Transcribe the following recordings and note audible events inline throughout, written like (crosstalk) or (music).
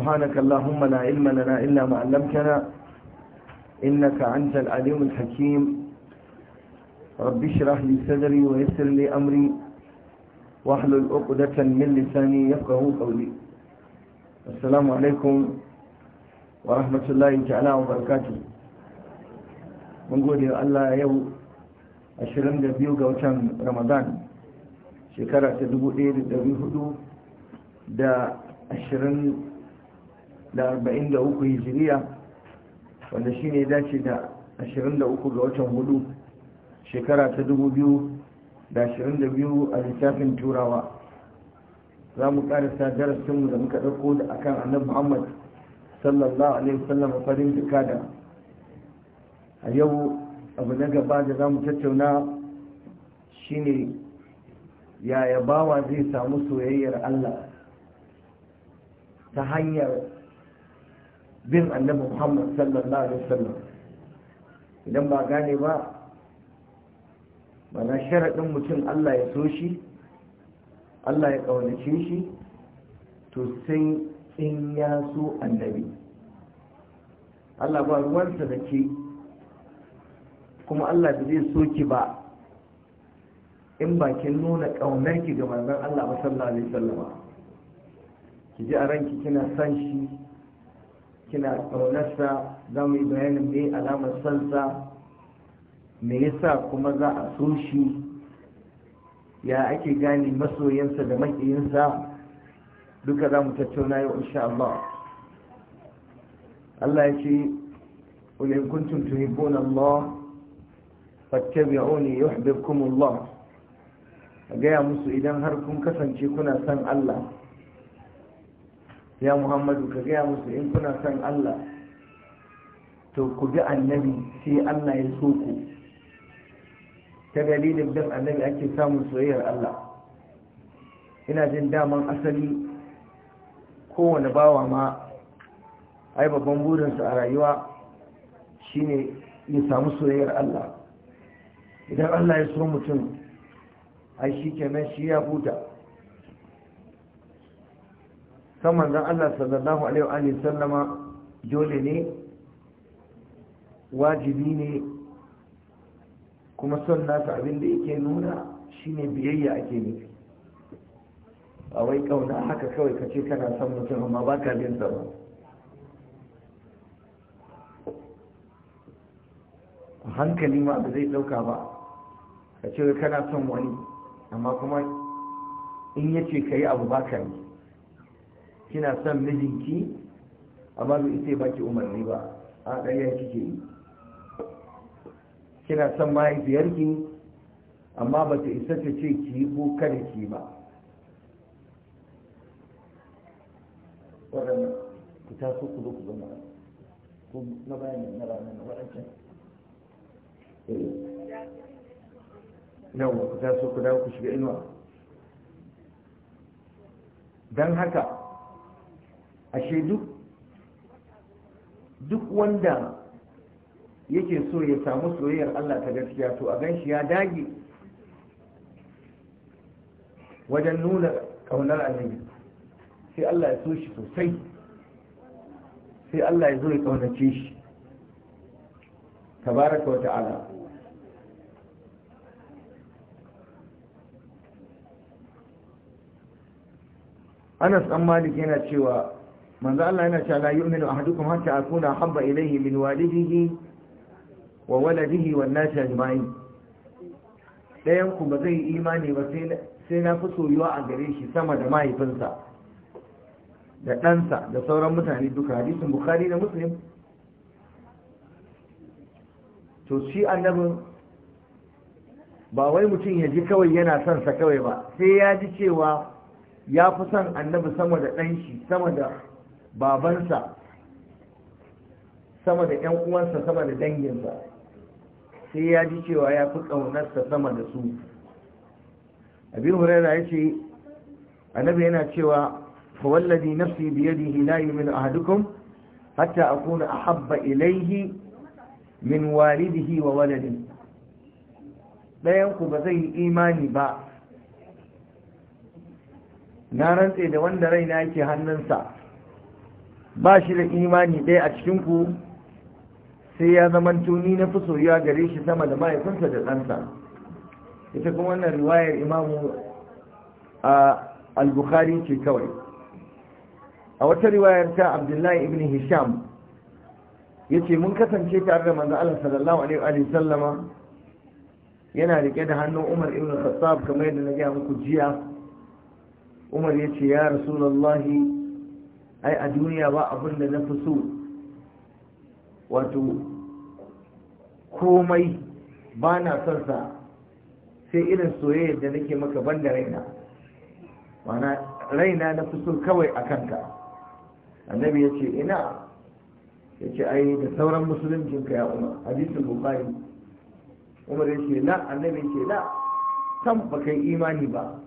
سبحانك اللهم لا علم لنا إلا ما علمتنا إنك أنت العليم الحكيم رب اشرح لي صدري ويسر لي أمري واحلل عقدة من لساني يفقه قولي السلام عليكم ورحمة الله تعالى وبركاته من قول الله يو أشرم دبيو قوتان رمضان شكرا تدبو إير دبيو هدو da ashirin da 43 hijiriya wanda shi ne dace da 23 ga watan hudu shekara ta 2022 a littafin turawa za mu karasa darasinmu da muka ɗauko da akan annabi muhammad sallallahu alaihi wasallam farin duka da a yau abu na gaba da za mu tattauna shine yaya bawa zai samu soyayyar allah ta hanyar bin annabi muhammad sallallahu alaihi wasallam idan ba gane ba mana sharaɗin mutum allah ya so shi allah ya ƙaunace shi to sai in ya so annabi allah ba ruwansa da ke kuma allah da zai so ki ba in bakin nuna ƙaunarki ga manzon allah ba sallallahu alaihi wasallama ki ji a ranki kina san shi kina kaunarsa za mu yi bayanin me alamar sansa me yasa kuma za a so shi ya ake gane masoyansa da maƙiyinsa duka za mu tattauna yau insha Allah Allah ya ce قل إن كنتم تحبون الله فاتبعوني يحببكم الله gaya musu idan har kun kasance kuna son Allah ya muhammadu ka gaya musu in kuna son allah to ku bi annabi sai allah ya so ku ta dalilin bin annabi ake samun soyayyar allah ina jin daman asali kowane bawa ma ai babban burinsu a rayuwa shine ya samu soyayyar allah idan allah ya so mutum ai shi kenan shi ya buta saman zan Allah sallallahu alaihi wa sallama dole ne wajibi ne kuma son nasa abin da yake nuna shine biyayya ake nufi a wai kauna haka kawai ka ce kana son mutum amma ba ka bin ba hankali ma ba zai dauka ba ka kana son wani amma kuma in yace ka yi abu ba ka yi kina son mijinki amma bai ita baki umarni ba a ƙarya kike yi kina son mahaifiyarki amma ba ta isa ta ce ki yi ko kada ki ba waɗannan ku so ku zo ku zama ko na bayan na ranar na waɗancan Nawa eh. ku ta so ku dawo ku shiga inuwa don haka ashe duk duk wanda yake so ya samu soyayyar Allah ta gaskiya to a ganshi ya dage wajen nuna kaunar annabi sai Allah ya so shi sosai sai Allah ya zo ya kaunace shi tabaraka wa ta'ala Anas dan Malik yana cewa manzo Allah yana cewa la yu'minu ahadukum hatta akuna habba ilayhi min walidihi wa waladihi wan nasi ajma'in dayan ku ba zai imani ba sai sai na fi soyuwa a gare shi sama da mahaifinsa da ɗansa da sauran mutane duka hadisin bukhari da muslim to shi annabin ba wai mutum ya ji kawai yana son sa kawai ba sai ya ji cewa ya fi son annabi sama da ɗan shi sama da babansa sama da yan uwansa sama da danginsa sai ya ji cewa ya fi ƙaunarsa sama da su abin huraira ya ce annabi yana cewa fawallazi nafsi biyadihi la yu'minu ahadukum hatta a akuna ahabba ilaihi min walidihi wa waladihi dayan ku ba zai yi imani ba na rantse da wanda raina yake hannunsa ba shi da imani ɗaya a cikinku sai ya zama tuni na fi soyuwa gare shi sama da mahaifinsa da ɗansa ita kuma wannan riwayar imamu a al-bukhari ce kawai a wata riwayar ta abdullahi ibn hisham ya ce mun kasance tare da manzo Allah sallallahu alaihi wa sallama yana rike da hannun umar ibn khattab kamar yadda na gaya muku jiya umar ya ce ya rasulullahi ai a duniya ba abin da na fi so wato komai ba na son sa sai irin soyayyar da nake maka ban da raina mana raina na fi so kawai a kanka annabi ya ce ina ya ce ai da sauran ka ya umar hadisun bukari umar ya ce na annabi ce na kan ba kai imani ba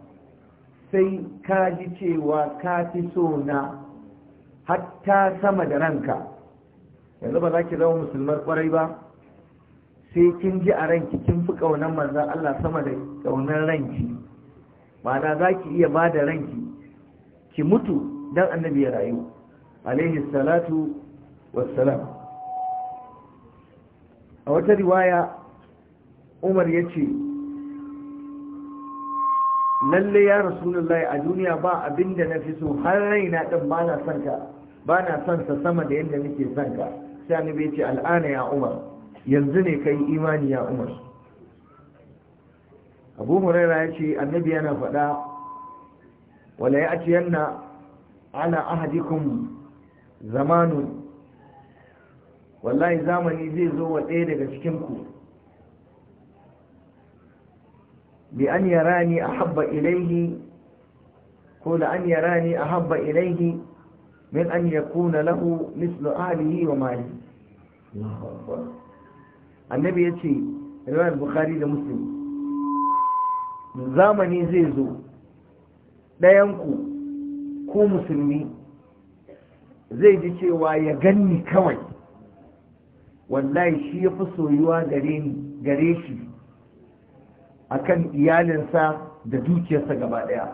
sai ka ji cewa ka fi so na hatta sama da ranka yanzu ba za ki zama musulmar kwarai ba sai kin ji a ranki kin fi ƙaunar manza Allah sama da ƙaunar ranki ma'ana za ki iya ba da ranki ki mutu don annabi ya rayu alaihi salatu wassalam a wata riwaya umar ya ce lalle ya rasulullahi a duniya ba abin da na fi so har raina ɗin ba na son ka ba na son sa sama da yadda nake son ka sai ni bai ce al'ana ya umar yanzu ne kai imani ya umar abu huraira ya ce annabi yana faɗa wala ya ce yanna ala ahadikum zamanu? wallahi zamani zai zo wa ɗaya daga cikin ku bi an yarani ahabba ilayhi ko la an yarani ahabba ilayhi min an yakuna lahu mislu wa mali annabi yace riwayar bukhari da muslim zamani zai zo ɗayanku ko musulmi zai ji cewa ya ganni kawai wallahi shi ya fi soyuwa gare shi akan iyalinsa da dukiyarsa gaba ɗaya.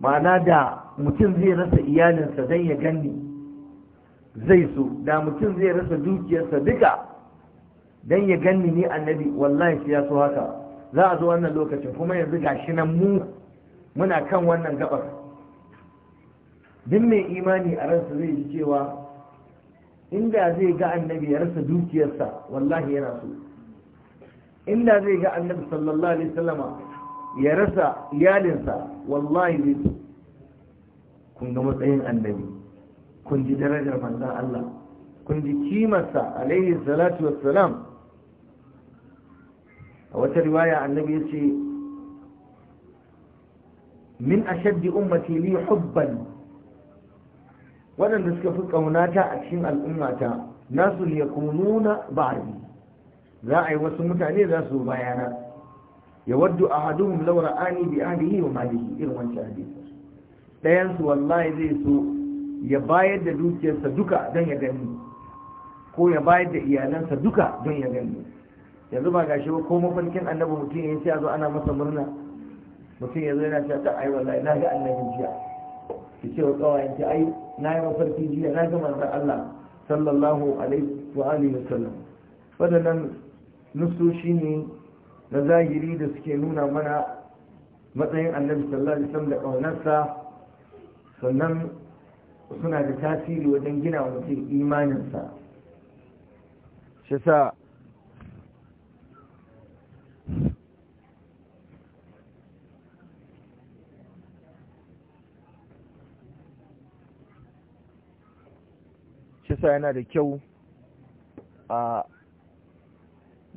ma'ana da mutum zai rasa iyalinsa don ya ganni zai so da mutum zai rasa dukiyarsa duka don ya ganni ni annabi wallahi shi ya so haka za a zo wannan lokacin kuma yanzu shi nan mu muna kan wannan gabar duk mai imani a ransa zai ji cewa inda zai ga annabi ya rasa dukiyarsa wallahi yana so inda zai ga annabi sallallahu alaihi wasallama ya rasa iyalinsa wallahi zai so kun ga matsayin annabi kun ji darajar manzon Allah kun ji kimarsa alaihi salatu wassalam a wata riwaya annabi ya ce min ashaddi ummati li hubban waɗanda suka fi ƙaunata a cikin al'ummata nasu liyakununa ba'di za a yi wasu mutane za su bayana ya waddu a ahaduhum law ra'ani bi ahlihi wa malihi irin wancan hadisi dayan su wallahi zai so ya bayar da dukiyarsa duka don ya gani ko ya bayar da iyalansa duka don ya gani yanzu ba gashi ba ko mafarkin annabi mutum ya ce zo ana masa murna mutum ya zo yana cewa ta ai wallahi na ga annabi jiya ki ce wa kawayen ta ai na yi mafarki jiya na ga manzon Allah sallallahu alaihi wa alihi wasallam wadannan nusoshi ne na zahiri da suke nuna mana matsayin annabi sallallahu alaihi wasallam da ƙaunarsa sannan suna da tasiri wajen gina wa mutum imaninsa shi sa shi sa yana da kyau a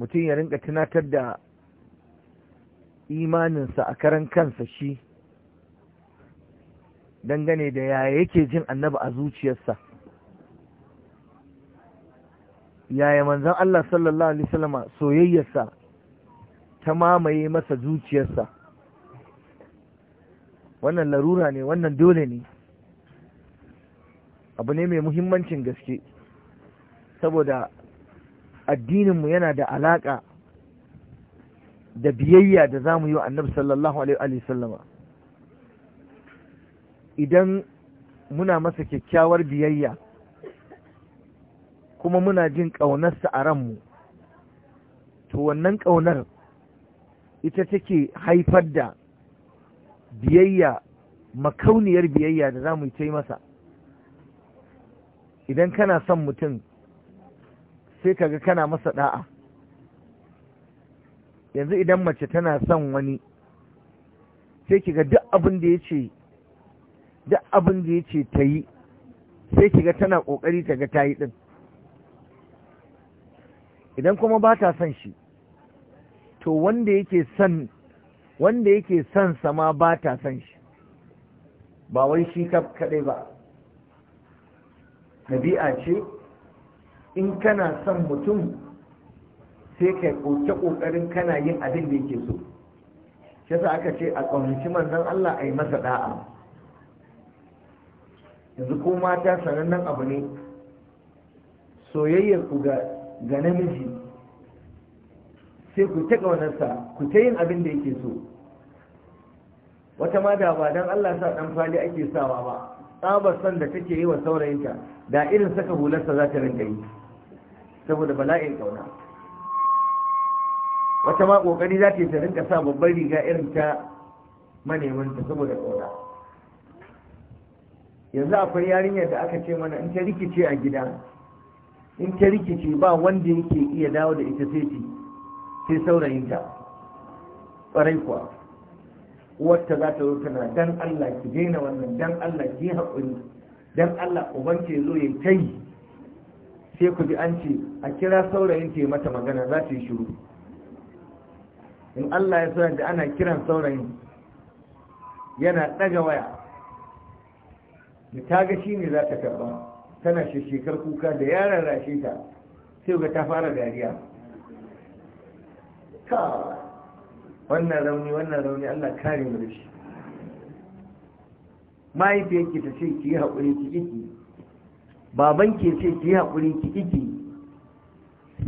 mutum ya rinka tunatar da imaninsa a karan kansa shi dangane da yaya yake jin annabi a zuciyarsa yaya manzan Allah sallallahu alaihi wasallama soyayyarsa ta mamaye masa zuciyarsa wannan larura ne wannan dole ne abu ne mai muhimmancin gaske saboda addininmu yana da alaƙa da biyayya da za mu yi wa annabi sallallahu alaihi sallama idan muna masa kyakkyawar biyayya kuma muna jin ƙaunarsa a ranmu to wannan ƙaunar ita take haifar da biyayya makauniyar biyayya da za mu yi ta yi masa idan kana son mutum sai kaga kana masa da'a yanzu idan mace tana son wani sai kiga duk abin da ya ce duk abin da ya ce ta yi sai kiga tana ƙoƙari ta ga ta yi ɗin idan kuma ba ta son shi to wanda yake son wanda yake son sama ba ta son shi ba wai shi kaɗai ba ɗabi'a ce in kana son mutum sai ka koke kokarin kana yin abin da yake so shi yasa aka ce a ƙaunaci manzon Allah a yi masa da'a yanzu ko mata sanannen abu ne soyayyar ku ga ga namiji sai ku ta ƙaunarsa ku ta yin abin da yake so wata ma da ba don Allah sa ɗan fali ake sawa ba tsabar son da take yi wa saurayinta da irin saka hularsa za ta rinka yi saboda bala'in kauna wata ma kokari za ta rinka sa babbar riga irin ta manemin ta saboda kauna yanzu akwai yarinyar da aka ce mana in ta rikice a gida in ta rikice ba wanda yake iya dawo da ita sai sai saurayinta ƙwarai kuwa wata za ta zo tana dan Allah ki daina wannan dan Allah ki haƙuri dan Allah ubanke zo ya kai sai ku bi an ce a kira saurayin ta yi mata magana za ta yi shiru in Allah ya sa da ana kiran saurayin yana ɗaga waya da ta ga shi ne za ta karɓa tana shekar kuka da yaran rashe ta sai ga ta fara dariya ka wannan rauni wannan rauni Allah kare mu da shi mahaifiyarki ta ce ki yi haƙuri ki ƙiƙi baban ke ce ki haƙuri ki iki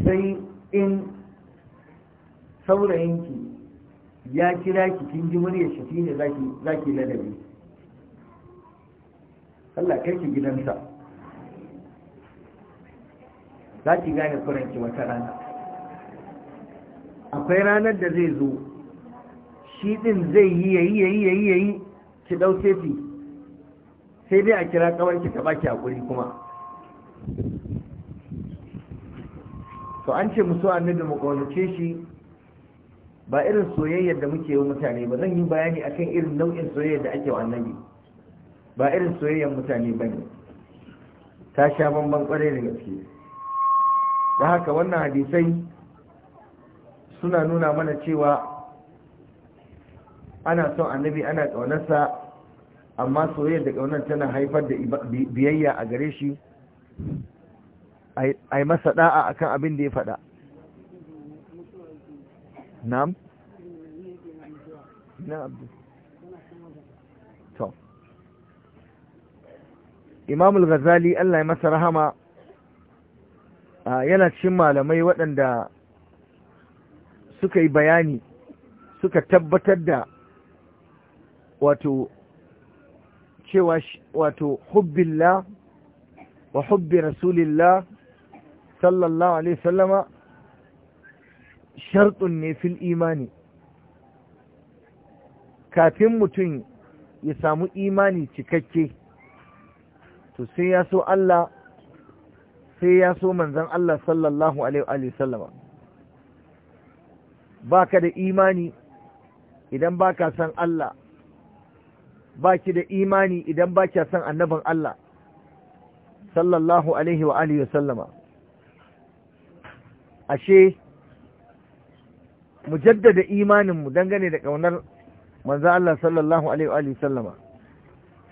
sai in saurayinki ya kira ki kin ji murya shi ne za ki ladabi Allah kai ki gidansa za ki gane kuranki wata rana akwai ranar da zai zo shi ɗin zai yi yayi yayi yayi yayi ki ɗau sai dai a kira kawar ki ta baki haƙuri kuma to an ce mu musu annabi mu kaunace shi ba irin soyayyar da muke yi mutane ba zan yi bayani akan irin nau'in soyayyar da ake wa annabi ba irin soyayyan mutane ba ne ta sha bamban kwarai da gaske da haka wannan hadisai suna nuna mana cewa ana son annabi ana ƙaunarsa amma soyayyar da ƙaunar tana haifar da biyayya a gare shi a yi masa da'a akan abin da ya faɗa na'am na'am to Imamul ghazali Allah ya masa rahama yana cin malamai waɗanda suka yi bayani suka tabbatar da wato cewa wato hubbillah wa hubbi rasulillah sallallahu alaihi sallama shartun ne fil imani kafin mutum ya samu imani cikakke to sai ya so Allah sai ya so manzan Allah sallallahu alaihi sallama ba ka da imani idan ba ka san Allah ba ki da imani idan ba ki san annabin Allah sallallahu alaihi wa alihi sallama ashe mu jaddada imaninmu dangane da ƙaunar manzo Allah sallallahu alaihi wa alihi sallama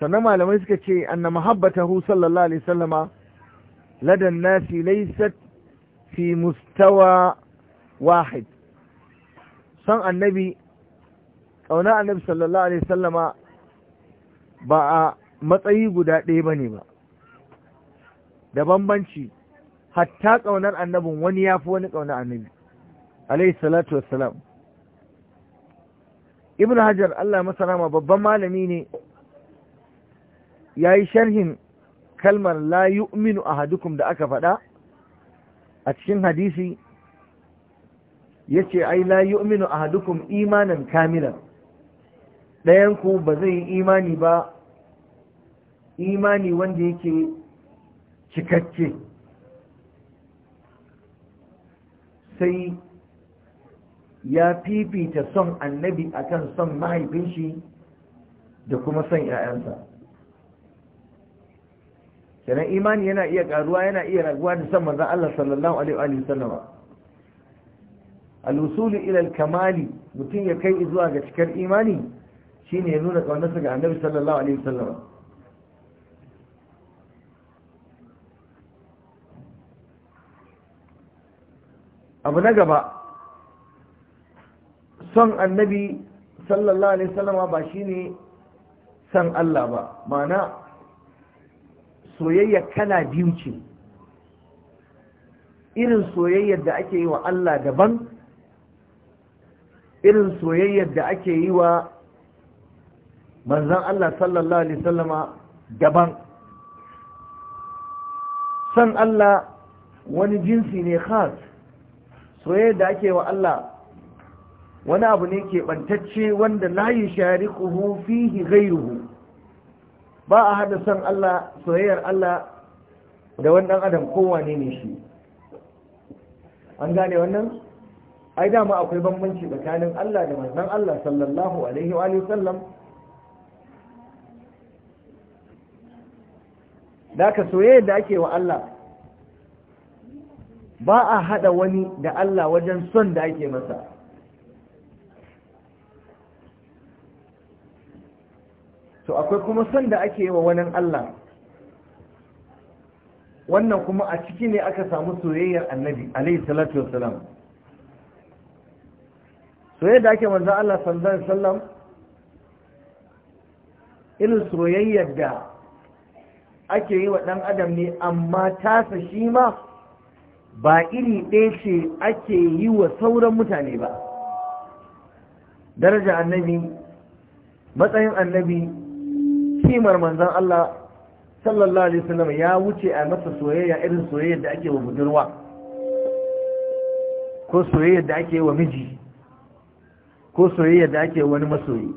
sannan malamai suka ce anna mahabbatahu sallallahu alaihi sallama ladan nasi laysat fi mustawa wahid san annabi ƙauna annabi sallallahu alaihi sallama ba a matsayi guda ɗaya bane ba da bambanci hatta ƙaunar annabin wani ya fi wani ƙaunar annabi alaihi salatu wassalam ibn hajar allah masarama babban malami ne ya yi sharhin kalmar la yu'minu ahadukum da aka faɗa a cikin hadisi ya ce ai la yu'minu ahadukum imanin kamilan ɗayanku ba zai yi imani ba imani wanda yake cikakke sai ya fifita son annabi akan son mahaifin shi da kuma son 'ya'yansa sannan imani yana iya ƙaruwa yana iya raguwa da son manzan Allah sallallahu alaihi wa sallama al-usulu ilal kamali mutum ya kai zuwa ga cikar imani shine ya nuna ƙaunarsa ga annabi sallallahu alaihi wa sallama abu na gaba son annabi sallallahu alaihi wasallama ba shine son Allah ba mana soyayya kana biyu ce irin soyayyar da ake yi wa Allah daban irin soyayyar da ake yi wa manzan Allah sallallahu alaihi wasallama daban son Allah wani jinsi ne khas soyayyar da ake wa Allah wani abu ne ke bantacce wanda layi shariquhu fihi ghayruhu ba a hada son Allah soyayyar Allah da wannan adam kowane ne shi an gane wannan ai dama akwai bambanci tsakanin Allah da manzon Allah sallallahu alaihi wa sallam da ka soyayya da ake wa Allah ba a hada wani da Allah wajen son da ake masa to akwai kuma son da ake yi wa wani Allah wannan kuma a ciki ne aka samu soyayyar annabi alaihi salatu wassalam soyayyar da ake manzan Allah sallallahu alaihi wasallam irin soyayyar da ake yi wa dan adam ne amma tasa shi ma ba iri ɗaya ce ake yi wa sauran mutane ba daraja annabi matsayin annabi kimar manzan Allah sallallahu alaihi wasallam ya wuce a masa soyayya irin soyayya da ake wa budurwa ko soyayyar da ake wa miji ko soyayya da ake wani masoyi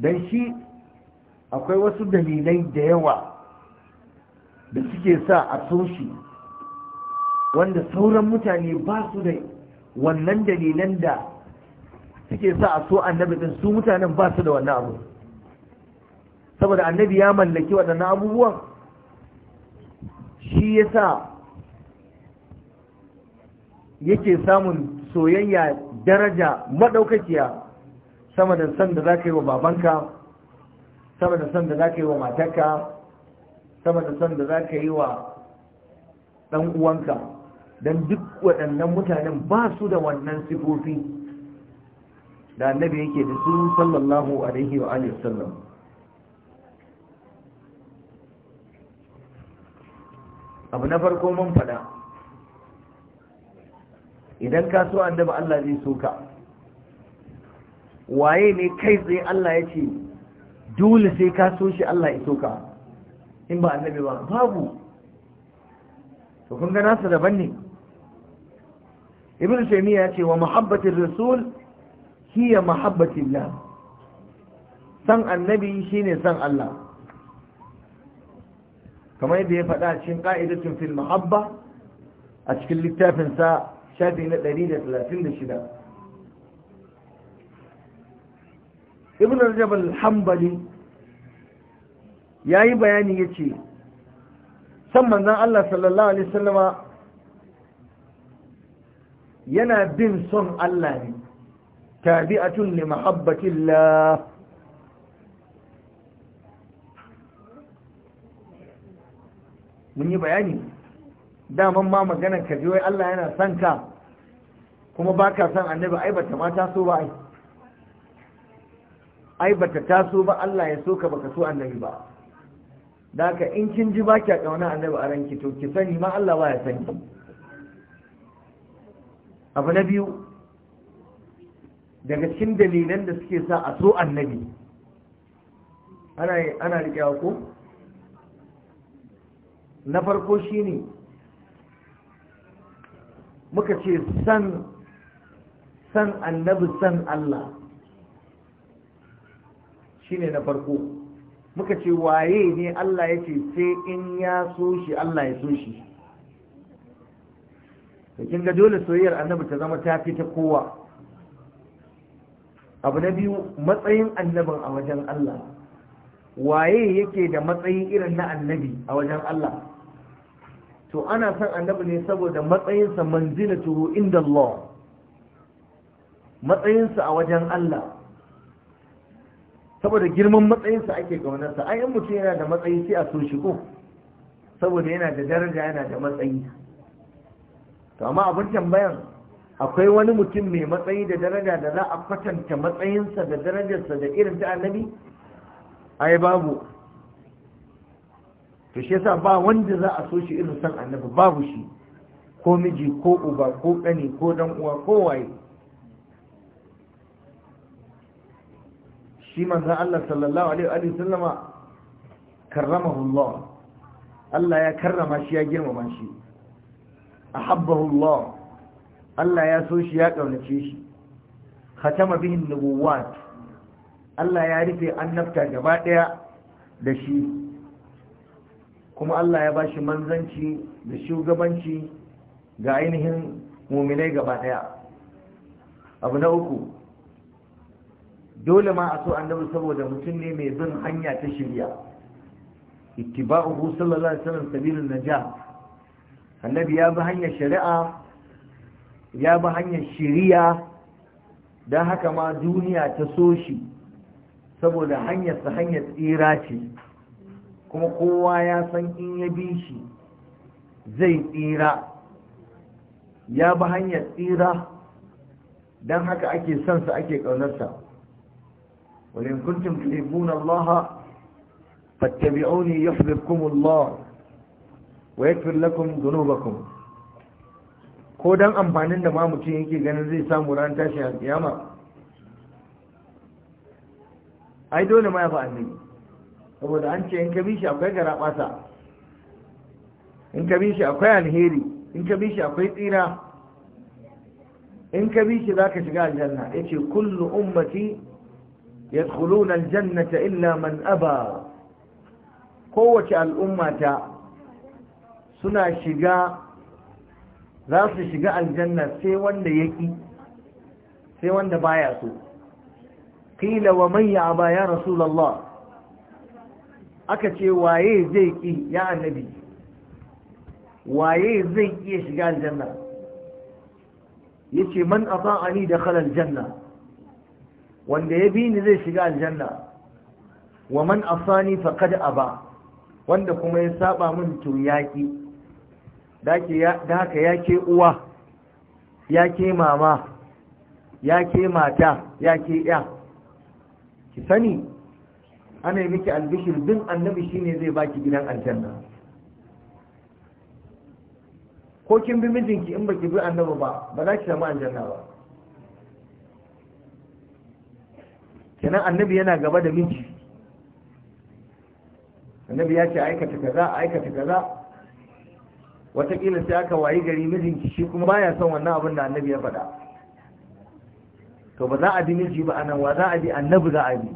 don shi akwai wasu dalilai da yawa da suke sa a soshi wanda sauran mutane ba su da wannan dalilan da suke sa a so annabi din su mutanen ba su da wannan abu saboda annabi ya mallaki waɗannan abubuwan shi ya sa yake samun soyayya daraja maɗaukakiya sama da san da za ka yi wa babanka sama da san da za ka yi wa matarka sama da san da za ka yi wa ɗan uwanka don duk waɗannan mutanen ba su da wannan sifofi da annabi yake da su sallallahu alaihi wa alihi sallam abu na farko mun faɗa idan ka so annabi Allah zai so ka waye ne kai tsaye Allah ya ce dole sai ka so shi Allah ya so ka in ba annabi ba babu to kun ga nasa daban ne ibn ya ce wa muhabbatir rasul hiya muhabbatillah san annabi ne san Allah kamar yadda ya faɗa cikin qa'idatun fil muhabba a cikin littafin sa shafi na 136 ibn rajab al-hanbali yayi bayani ce san manzon Allah sallallahu alaihi wasallama yana bin son Allah ne tabi'atun li mahabbatillah mun yi bayani daman ma magana ka ji wai Allah yana son ka kuma baka son annabi ai bata mata so ba ai ai bata taso ba Allah ya so ka baka so annabi ba da haka in kin ji baki a kauna annabi a ranki to ki sani ma Allah ba ya sani abu na biyu daga cikin dalilan da suke sa a so annabi ana riƙewa ko na farko shi ne. muka ce san san annabi san Allah shine na farko muka ce waye ne Allah ya ce sai in ya so shi Allah ya so shi kin ga dole soyayyar annabi ta zama ta fi ta kowa abu na biyu matsayin annabin a wajen Allah waye yake da matsayi irin na annabi a wajen Allah to ana son annabi ne saboda matsayinsa manzilatuhu inda Allah matsayinsa a wajen Allah saboda girman matsayinsa ake gaunarsa ai in mutum yana da matsayi sai a so shigo saboda yana da daraja yana da matsayi to abin tambayan akwai wani mutum mai matsayi da daraja da za a kwatanta matsayinsa da darajarsa da irin ta annabi ai babu to shi yasa ba wanda za a so shi irin san annabi babu shi ko miji ko uba ko ɗani ko dan uwa ko waye shi manza Allah sallallahu alaihi wa sallama karramahu Allah ya karrama shi ya girmama shi ahabbahu Allah Allah ya so shi ya kaunace shi khatama bihi nubuwat Allah ya rufe annabta gaba daya da shi kuma Allah ya bashi manzanci da shugabanci ga ainihin muminai gaba daya abu na uku dole ma a so annabi saboda mutum ne mai bin hanya ta shirya ittiba'uhu sallallahu alaihi wasallam sabilun najah annabi ya bi hanyar shari'a ya bi hanyar shiriya don haka ma duniya ta so shi saboda hanyarsa hanyar tsira ce kuma kowa ya san in ya bi shi zai tsira ya bi hanyar tsira don haka ake sansa ake ƙaunarsa ولن كنتم تحبون الله فاتبعوني يحببكم الله wa yakfir lakum dhunubakum ko dan amfanin da ma mutum yake ganin zai samu ran tashi a kiyama ai dole ma ya fa annabi saboda an ce in ka bi shi akwai garabata in ka bi shi akwai alheri in ka bi shi akwai tsira in ka bi shi zaka shiga aljanna yace kullu ummati yadkhuluna aljannata illa man aba kowace al'ummata suna shiga za su shiga aljanna sai wanda ya ƙi sai wanda baya so ƙila wa manya ba ya rasulallah aka ce waye zai ƙi ya annabi waye zai iya shiga aljanna ya ce man fa'ani da khalar janna wanda ya bi ni zai shiga aljanna wa man afani faqad aba wanda kuma ya saba min to yaƙi da haka ya ke uwa ya ke mama ya ke mata ya ke ya ki sani ana yi miki albishir bin annabi shine zai baki gidan aljanna ko kin bi mijinki in baki bi annabi ba ba za ki samu aljanna ba kenan annabi yana gaba da miji annabi ya ce aikata kaza aikata kaza watakila sai aka wayi gari mijinki shi kuma baya son wannan abin da annabi ya faɗa to ba za a bi miji ba anan wa za a bi annabi za a bi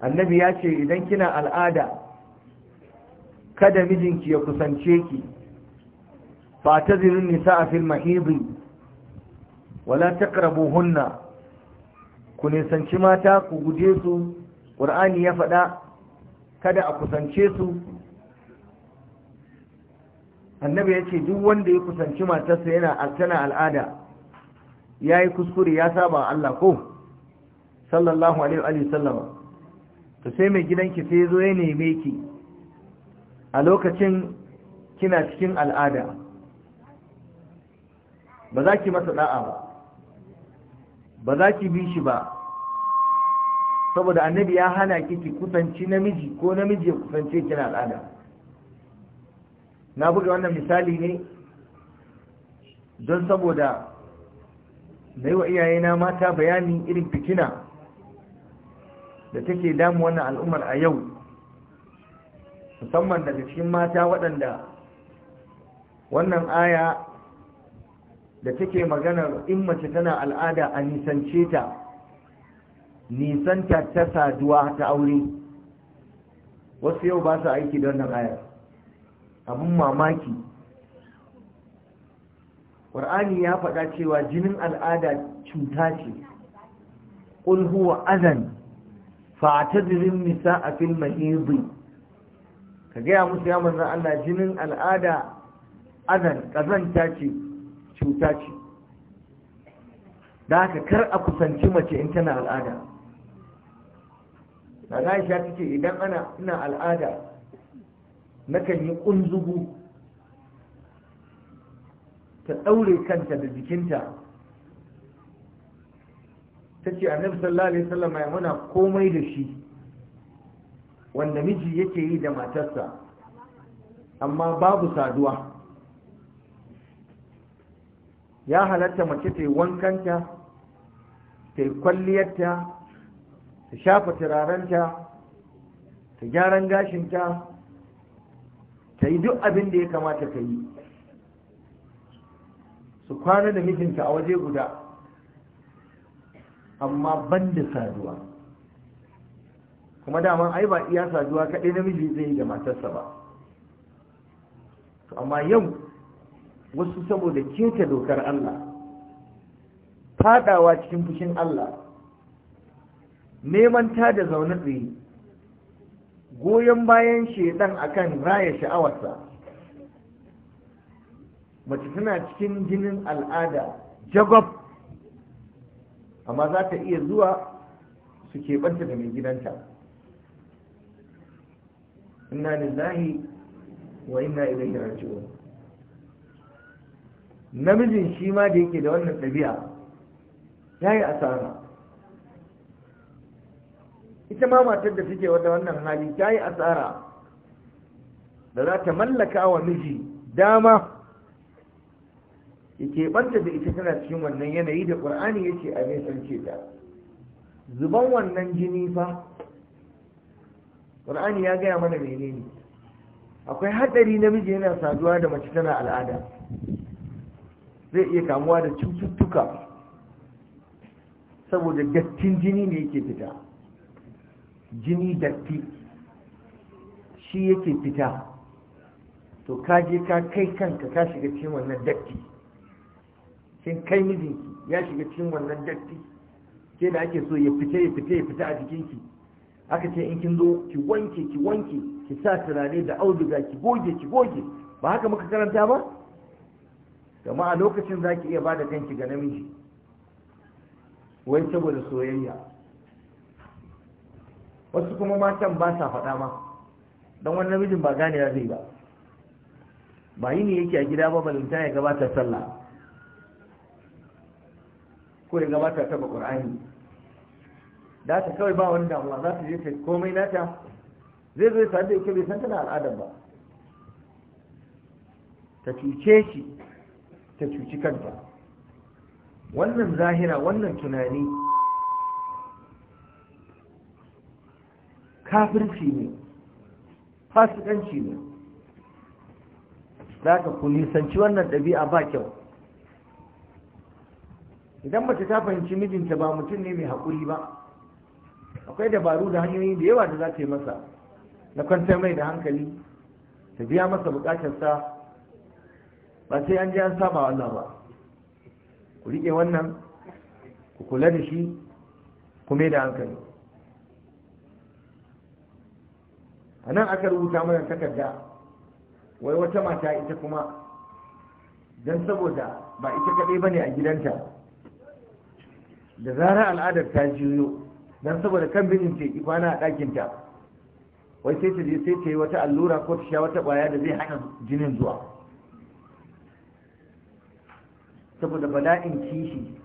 annabi ya ce idan kina al'ada kada mijinki ya kusance ki fa tazirin nisa'a fil mahidi wala taqrabuhunna ku nisanci mata ku guje su qur'ani ya faɗa kada a kusance su annabi ya ce duk wanda ya kusanci matarsa yana tana al'ada ya yi kuskure ya saba Allah ko sallallahu alaihi wa sallama ta sai mai gidanki sai zo ya neme ki a lokacin kina cikin al'ada ba za ki masa da'a ba ba za ki bi shi ba saboda annabi ya hana ki ki kusanci namiji ko namiji ya kusance kina al'ada na buga wannan misali ne don saboda na yi wa iyayena mata bayanin irin fitina da take damu wannan al'ummar a yau musamman daga cikin mata waɗanda wannan aya da take maganar in mace tana al'ada a nisance ta nisanta ta saduwa ta aure wasu yau ba su aiki don nan ayar abin mamaki ƙur'ani ya faɗa cewa jinin al'ada cuta ce ƙul huwa azan fa'atazirin nisa a fil mahidi ka gaya musu ya manzan Allah jinin al'ada azan ƙazanta ce cuta ce da haka kar a kusanci mace in tana al'ada na ya take idan ana ina al'ada nakan yi ƙunzugu ta ɗaure kanta da jikinta ta ce annabi sallallahu alaihi ya muna komai da shi wanda miji yake yi da matarsa amma babu saduwa ya halatta mace ta yi wankanta ta yi kwalliyarta ta shafa turarenta ta gyaran gashinta ta yi duk abin da ya kamata ta yi su kwana da mijinta a waje guda amma ban da saduwa kuma daman ai ba iya saduwa kaɗai namiji zai yi da matarsa ba amma yau wasu saboda keta dokar Allah fadawa cikin fushin Allah neman ta da zaune tsaye goyon bayan shaidan akan raya sha'awarsa mace tana cikin jinin al'ada jagob. amma za ta iya zuwa su keɓanta da mai gidanta inna lillahi wa inna ilaihi raji'un namijin shi ma da yake da wannan ɗabi'a ya yi asara ita ma matar da suke wata wannan hali ta yi asara da za ta mallaka wa miji dama ya keɓanta da ita tana cikin wannan yanayi da ƙur'ani ya ce a ce ta zuban wannan jini fa ƙur'ani ya gaya mana mene ne akwai haɗari miji yana saduwa da mace tana al'ada zai iya kamuwa da cututtuka saboda dattin jini ne yake fita jini datti shi yake fita to ka je ka kai kanka ka shiga cikin wannan datti kin kai mijinki ya shiga cikin wannan datti ke da ake so ya fita ya fita ya fita a jikinki aka ce in kin zo ki wanke ki wanke ki sa turare da auduga ki goge ki goge ba haka muka karanta ba kama a lokacin za ki iya bada kanki ga namiji wai saboda soyayya wasu kuma matan ba sa faɗa ma don wani namijin ba gane zai ba ba yi ne yake a gida ba balinta ya gabata sallah ko ya gabata taɓa ƙur'ani da ta kawai ba wani damuwa za su je ta komai nata zai zai sadu da bai san tana al'adar ba ta cuce shi ta cuci kanta wannan zahira wannan tunani kafirci ne fasikanci ne da ka ku nisanci wannan ɗabi'a ba kyau idan mace ta fahimci mijinta ba mutum ne mai haƙuri ba akwai dabaru da hanyoyi da yawa da za ta yi masa na kwantar mai da hankali ta biya masa sa, ba sai an ji an saba wannan ba ku riƙe wannan ku kula da shi ku mai da hankali a nan aka rubuta mana takarda wai wata mata ita kuma don saboda ba ita kaɗai ba ne a gidanta da zara al'adar ta juyo don saboda kan binin ce kwana a ɗakinta wai sai ta je sai ta yi wata allura ko ta sha wata ɓaya da zai hana jinin zuwa saboda bala'in kishi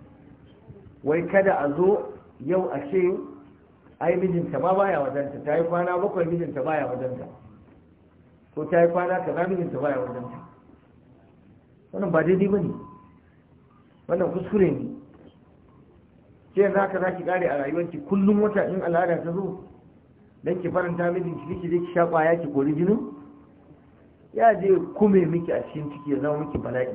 wai kada a zo yau a ce ai mijinta ma baya wajenta ta yi kwana bakwai mijinta baya wajenta ko ta yi kwana kaza mijinta baya wajenta wannan ba daidai ba ne wannan kuskure ne ke za ka za ki kare a rayuwarki kullum wata in al'ada ta zo don ki faranta mijinki ki je ki sha kwaya ki kori jinin ya je kume miki a cikin ciki ya zama miki bala'i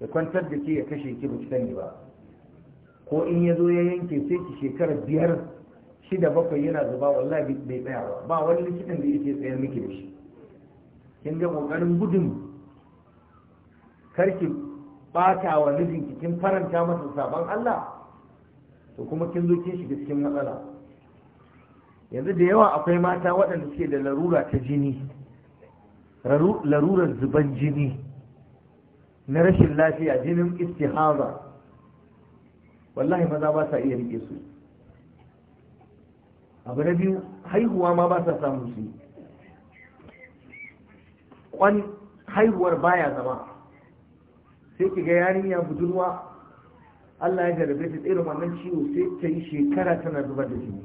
ya kwantar da ke ya kashe ki ba ki sani ba ko in ya zo ya yanke sai ki shekara biyar shida bakwai yana zuba wallahi bai tsaya ba ba wani likitan da yake tsayar miki da shi kin ga kokarin gudun karki bata wa nufin ki kin faranta masa sabon Allah to kuma kin zo kin shiga cikin matsala yanzu da yawa akwai mata waɗanda suke da larura ta jini larurar zuban jini na rashin lafiya jinin istihaza wallahi maza ba sa iya rike su abu na biyu haihuwa ma ba sa samun su kwan haihuwar baya zama sai ki ga yarinya budurwa Allah ya jarabe ta irin wannan ciwo sai ta yi shekara tana zuba da jini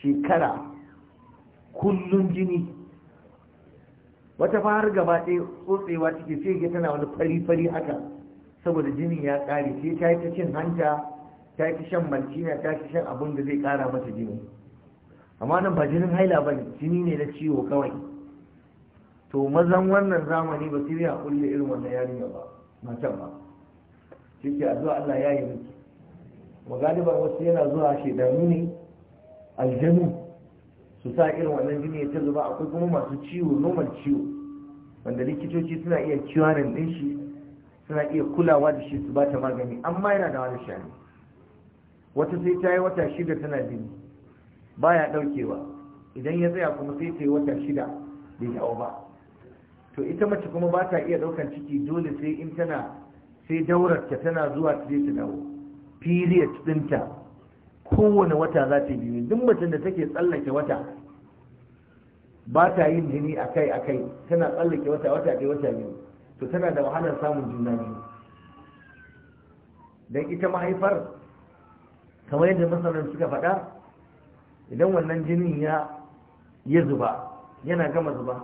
shekara kullum jini wata fahar gaba ɗaya tsotsewa take sai ga tana wani fari-fari haka saboda jinin ya ƙare sai ta yi ta cin hanta ta yi ta shan malcina ta yi shan abin da zai ƙara mata jini amma nan ba jinin haila ba jini ne na ciwo kawai to mazan wannan zamani ba su yi haƙuri da irin wannan yarinya ba matan ba shi ke a zuwa Allah ya yi miki Magaliba wasu yana zuwa shaidanu ne aljanu su sa irin wannan jini ya ta zuba akwai kuma masu ciwo normal ciwo wanda likitoci suna iya ciwon ɗin shi suna iya kulawa da shi su ba ta magani amma yana da wani shani wata sai ta yi wata shida tana jini ya daukewa idan ya tsaya kuma sai ta yi wata shida bai dawo ba to ita mace kuma ba ta iya daukan ciki dole sai in tana sai daurarta tana zuwa ta je ta dawo period dinta kowane wata za ta yi jini duk mutum da take tsallake wata ba ta yin jini akai akai tana tsallake wata wata ɗaya wata biyu to tana da wahalar samun juna biyu don ita mahaifar kamar yadda masanan suka faɗa idan wannan jinin ya ya zuba yana gama zuba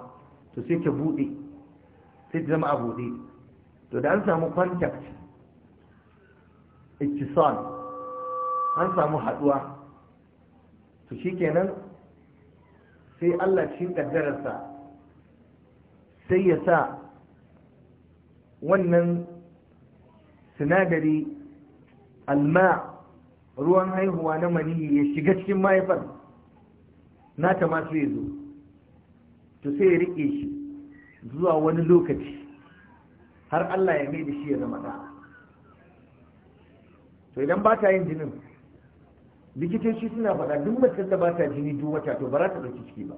to sai ta buɗe sai ta zama a buɗe to da an samu contact ittisal an samu haɗuwa to shi kenan sai Allah cikin ƙaddararsa sai ya sa wannan sinadari alma ruwan haihuwa na maniyi ya shiga cikin mahaifar nata masu ya zo to sai ya riƙe shi zuwa wani lokaci har Allah ya mai da shi ya zama ɗa to idan ba ta yin jinin shi suna faɗa duk mace da ba ta jini duk wata to ba za ta ɗauki ciki ba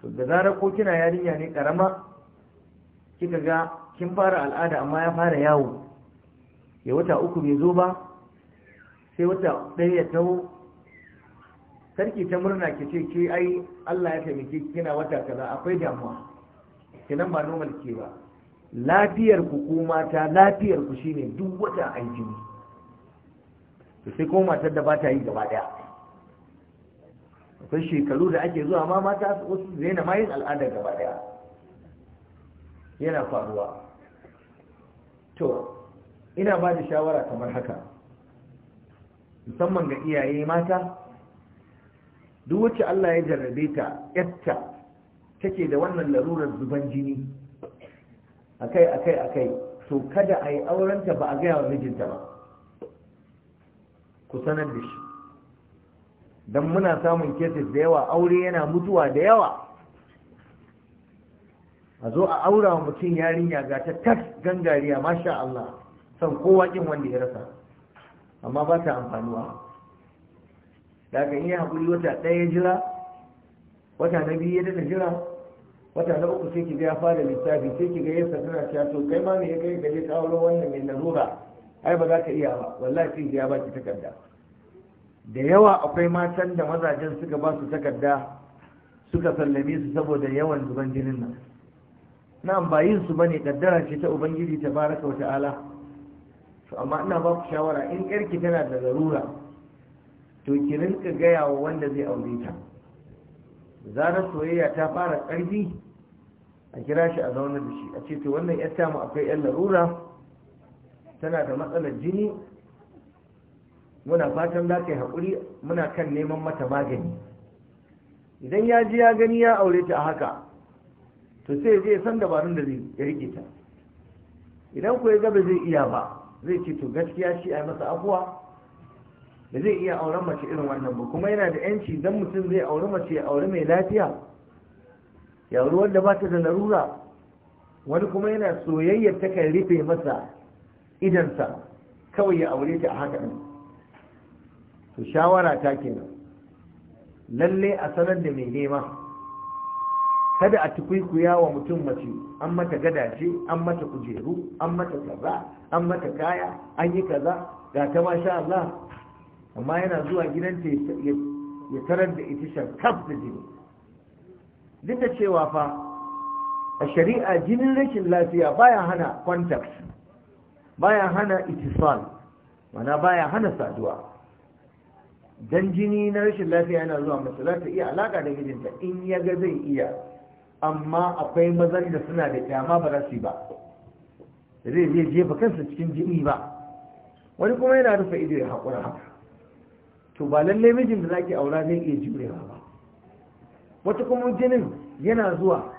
to da zarar ko kina yarinya ne ƙarama kika ga kin fara al'ada amma ya fara yawo ya wata uku bai zo ba sai wata ɗaya ya taho sarki ta murna ki ce ke ai Allah ya taimake kina wata kaza akwai damuwa kinan ba normal ke ba lafiyar ku ko mata lafiyar ku shine duk wata aljini to sai ko matar da ba ta yi gaba daya akwai shekaru da ake zuwa ma mata wasu zai na mayin al'ada gaba daya yana faruwa to ina ba da shawara kamar haka musamman ga iyaye mata duk wacce Allah ya jarrabe ta yatta take da wannan larurar zuban jini akai akai akai to kada a yi aurenta ba a gaya wa mijinta ba ku sanar da shi Dan muna samun cases da yawa aure yana mutuwa da yawa a zo a aura wa mutum yarinya ga ta tas gangariya masha Allah san kowa kin wanda ya rasa amma ba ta amfanuwa daga iya haƙuri wata ɗaya jira wata na biyu ya daɗa jira wata na uku sai ki ga ya fara lissafi sai ki ga yasa tana cewa to kai ma me ya kai gaje ka aure wannan mai larura ai ba za ka iya ba wallahi sai ya ki takarda da yawa akwai matan da mazajen suka ba su takarda suka sallame su saboda yawan zuban jinin nan na'am ba yin su bane kaddara ce ta ubangiji tabaraka wa ta'ala to amma ina ba ku shawara in ƙarki tana da zarura to ki rinka gaya wa wanda zai aure ta zarar soyayya ta fara ƙarfi. a kira shi a zaunar da shi a ce to wannan yar tamu akwai yan larura tana da matsalar jini muna fatan za ka yi haƙuri muna kan neman mata magani idan ya ji ya gani ya aure ta a haka to sai zai san dabarun da zai ya rike ta idan ku ya ga ba zai iya ba zai ce to gaskiya shi a masa afuwa da zai iya auren mace irin wannan ba kuma yana da yanci dan mutum zai auri mace ya auri mai lafiya ya auri wanda ba ta da larura wani kuma yana soyayyar ta kan rufe masa idansa kawai ya aure ta a haka ɗin to shawara ta kenan lalle a sanar da mai nema kada a tukwikuya wa mutum mace an mata gadaje an mata kujeru an mata kaza an mata kaya an yi kaza ga ta masha Allah amma yana zuwa gidanta ya tarar da ita shankaf da jini duk da cewa fa a shari'a jinin rashin lafiya baya hana contact baya hana itisal mana baya hana saduwa dan jini na rashin lafiya yana zuwa mace za ta iya alaka da mijinta in ya ga zai iya amma akwai mazan da suna da kyama ba za su yi ba zai zai ba kansa cikin jini ba wani kuma yana rufe ido ya haƙura haka to ba lallai mijin da zaki aura zai iya jurewa ba wata kuma jinin yana zuwa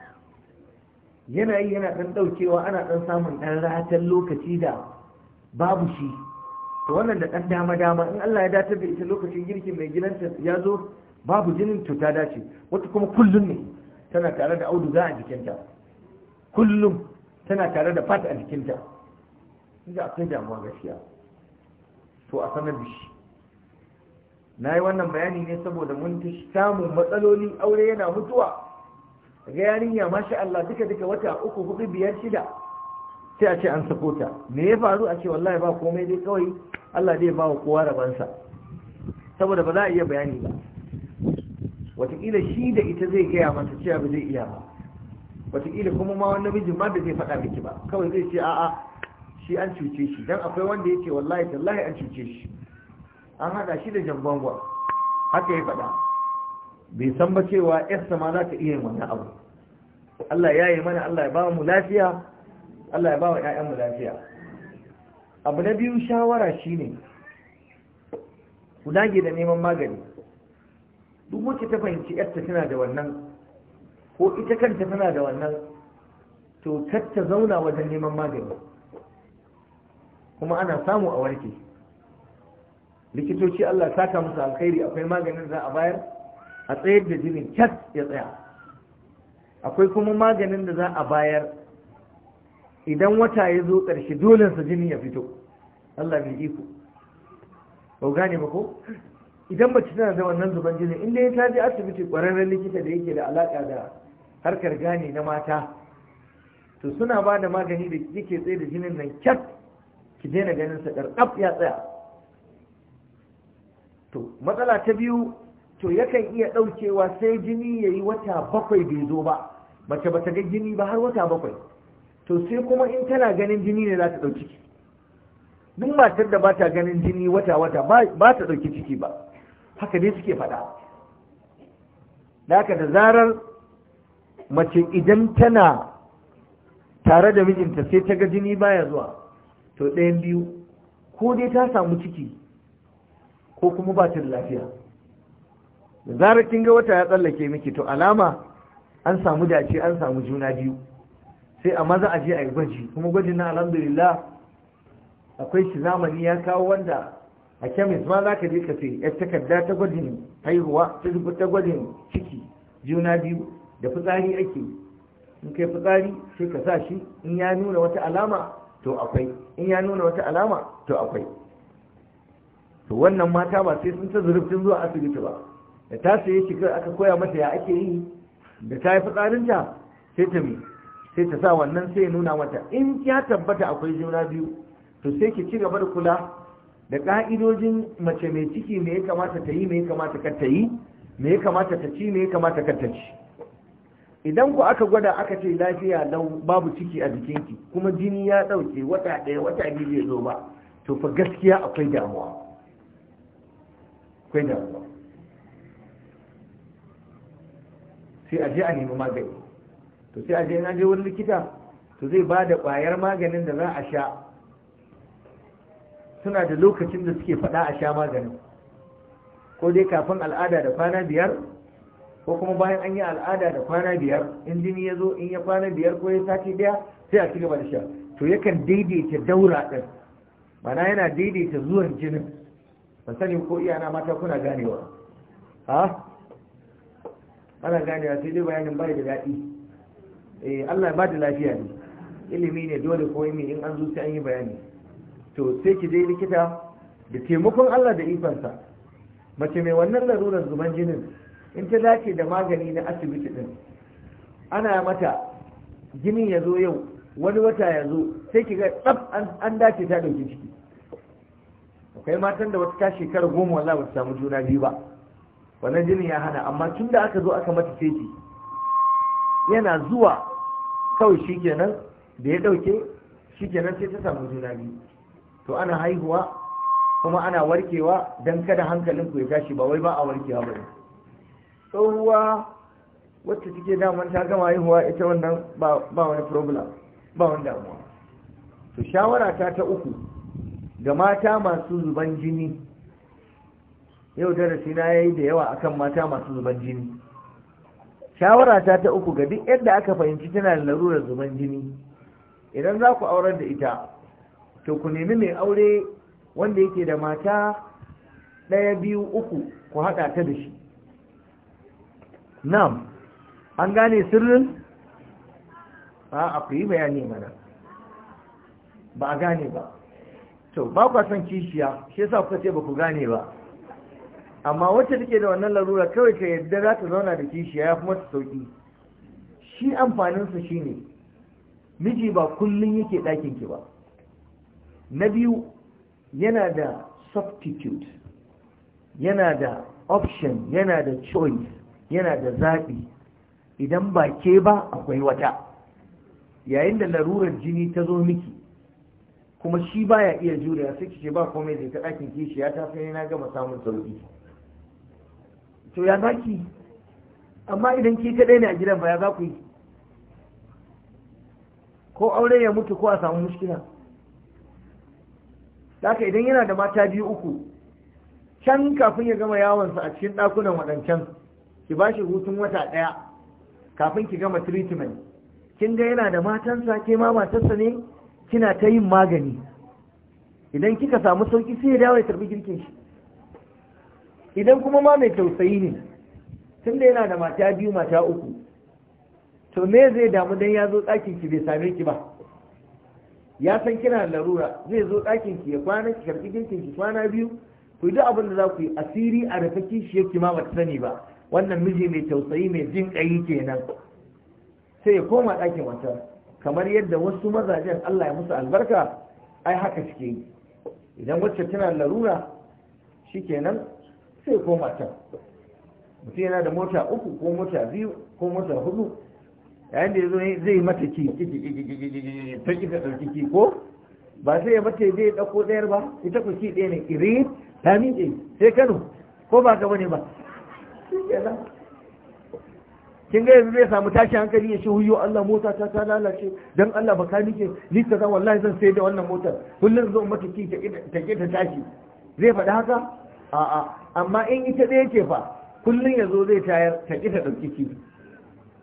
yana yi yana ɗan ɗaukewa ana ɗan samun ɗan ratan lokaci da babu shi to wannan da ɗan dama-dama in Allah ya datar da ita lokacin girki mai gidanta ya zo babu jinin to ta dace wata kuma kullum ne tana tare da auduga a jikinta kullum tana tare da fat a jikinta inda akwai damuwa gaskiya to a sanar da shi na yi wannan bayani ne saboda mun ta samun matsaloli aure yana mutuwa ga yarinya masha Allah duka duka wata uku hudu biyar shida sai a ce an sako ta me ya faru a ce wallahi ba komai dai kawai Allah zai ba wa kowa rabansa saboda ba za a iya bayani ba wataƙila shi da ita zai gaya mata cewa ba zai iya ba wataƙila kuma ma wani namijin ma da zai faɗa miki ba kawai zai ce a'a shi an cuce shi dan akwai wanda ya ce wallahi tallahi an cuce shi an haɗa shi da jambangwa haka ya faɗa bai san ba cewa yarsa ma za ta iya yin wannan abu Allah ya yi mana Allah ya ba mu lafiya Allah ya ba wa ƴaƴanmu lafiya abu na biyu shawara shine ku dage da neman magani duk wacce ta fahimci yarta tana da wannan ko ita kanta tana da wannan to kar ta zauna wajen neman magani kuma ana samu a warke likitoci Allah saka musu alkhairi akwai maganin za a bayar a tsayar da jinin kyat ya tsaya akwai kuma maganin da za a bayar idan wata ya zo ƙarshe dole jinin jini ya fito Allah mai iko ba gane ba ko idan mace tana da wannan zuban jini inda ya taji asibiti ƙwararren likita da yake da alaƙa da harkar gane na mata to suna ba da magani da yake tsaye da jinin nan kyat ki daina ganin sa ƙarƙaf ya tsaya to matsala ta biyu to yakan iya ɗaukewa sai jini ya yi wata bakwai bai zo ba mace ba ta ga jini ba har wata bakwai to sai kuma in tana ganin jini ne za ta ɗauki ciki duk matar da ba ta ganin jini wata wata ba ta ɗauki ciki ba haka dai suke faɗa da haka da zarar mace idan tana tare da mijinta sai ta ga jini baya zuwa to ɗayan biyu ko dai ta samu ciki ko kuma ba ta da lafiya da zarar kin ga wata ya tsallake miki to alama an samu dace an samu juna biyu sai a maza aje a yi gwaji kuma gwajin na alhamdulillah akwai shi zamani ya kawo wanda a kemis ma za ka je ka sai yar takarda ta gwajin haihuwa ta ta gwajin ciki juna biyu da fitsari ake in kai fitsari sai ka sa shi in ya nuna wata alama to akwai in ya nuna wata alama to akwai to wannan mata ba sai sun ta zurfin zuwa asibiti ba da ta saye shigar aka koya mata ya ake yi da ta yi ta sai ta mi sai ta sa wannan sai nuna mata in ya tabbata akwai juna biyu to sai ki ci gaba da kula da ƙa'idojin mace mai ciki mai ya kamata ta yi mai ya kamata ka ta yi mai ya kamata ta ci mai ya kamata ka ta ci idan ku aka gwada aka ce lafiya lau babu ciki a jikinki kuma jini ya ɗauke wata ɗaya wata biyu bai zo ba to fa gaskiya akwai damuwa akwai damuwa sai a je a nemi magani to sai a je na je wani likita to zai ba da ƙwayar maganin da za a sha suna da lokacin da suke faɗa a sha maganin ko dai kafin al'ada da kwana biyar ko kuma bayan an yi al'ada da kwana biyar in jini ya zo in ya kwana biyar ko ya sati daya sai a cigaba da sha to yakan daidaita daura ɗin mana yana daidaita zuwan jinin ban sani ko iyana mata kuna ganewa ha ana ganewa sai dai bayanin bai da daɗi eh Allah ba da lafiya ne ilimi ne dole ko in an zo sai an yi bayani to sai ki je likita da taimakon Allah da ifansa, mace mai wannan larurar zuban jinin in ta dace da magani na asibiti din ana mata jini ya zo yau wani wata ya zo sai ki ga tsaf an dace ta ɗauki ciki akwai matan da wata ta shekara goma wala ba samu juna biyu ba wannan jinin ya hana amma tun da aka zo aka mata feti yana zuwa kawai shikenan da ya ɗauke shikenan sai ta samu juna biyu to ana haihuwa kuma ana warkewa don kada hankalin ku ya tashi ba wai ba a warkewa ba tsohuwa wacce take daman ta gama haihuwa ita wannan ba wani problem ba wani damuwa to shawara ta ta uku ga mata masu zuban jini yau darasi na yayi da yawa akan mata masu zuban jini shawara ta ta uku ga duk yadda aka fahimci tana da larurar zuban jini idan za ku aurar da ita to ku nemi mai aure wanda yake da mata ɗaya biyu uku ku haɗa ta da shi nam an gane sirrin a yi bayani mana ba a gane ba to ba kwa son kishiya shi yasa kuka ce ba ku gane ba amma wacce take da wannan larura kawai ta yadda za ta zauna da kishiya ya kuma ta sauki shi amfaninsa shine miji ba kullum yake ɗakinki ba na biyu yana da substitute yana da option yana da choice yana da zaɓi idan ba ke ba akwai wata yayin da larurar jini ta zo miki kuma shi baya iya jure, a sai ce ba komai zai ta ɗakin kishi ya tafi na gama samun sauƙi. to ya zaki amma idan ke kaɗai ne a gidan ba ya za ku yi ko aure ya mutu ko a samu mushkila haka idan yana da mata biyu uku can kafin ya gama yawonsa a cikin ɗakunan waɗancan ki ba shi hutun wata ɗaya kafin ki gama treatment kin ga yana da matansa ke ma matarsa ne kina ta yin magani idan kika samu sauƙi, sai ya dawo ya tarbi girkin shi idan kuma ma mai tausayi ne tunda yana da mata biyu mata uku to me zai damu dan ya zo ɗakin ki bai same ki ba ya san kina larura zai zo ɗakin ki ya kwana ki karɓi ki kwana biyu ku duk abin da za ku yi asiri a rufe kishiyar kima ma bata sani ba wannan miji mai tausayi mai jin ƙayi kenan sai ya koma ɗakin wata kamar yadda wasu mazajen Allah ya musu albarka ai haka suke yi idan wacce tana larura shi kenan, sai koma can mutum yana da mota uku ko mota biyu ko mota hudu yayin da zai zai mata ki ta ki da dauki ki ko ba sai ya mata zai dauko dayar ba ita ku ki ɗaya ne iri ta miƙe sai Kano ko ba ka bane ba kin ga yanzu zai samu tashi hankali ya ce huyo Allah mota ta ta lalace dan Allah baka nike ni ta zan wallahi zan sai da wannan motar kullun zo mata ki ta ki ta tashi zai faɗi haka a'a amma in ita dai yake fa kullun ya zo zai tayar ta ki ta ɗauki ki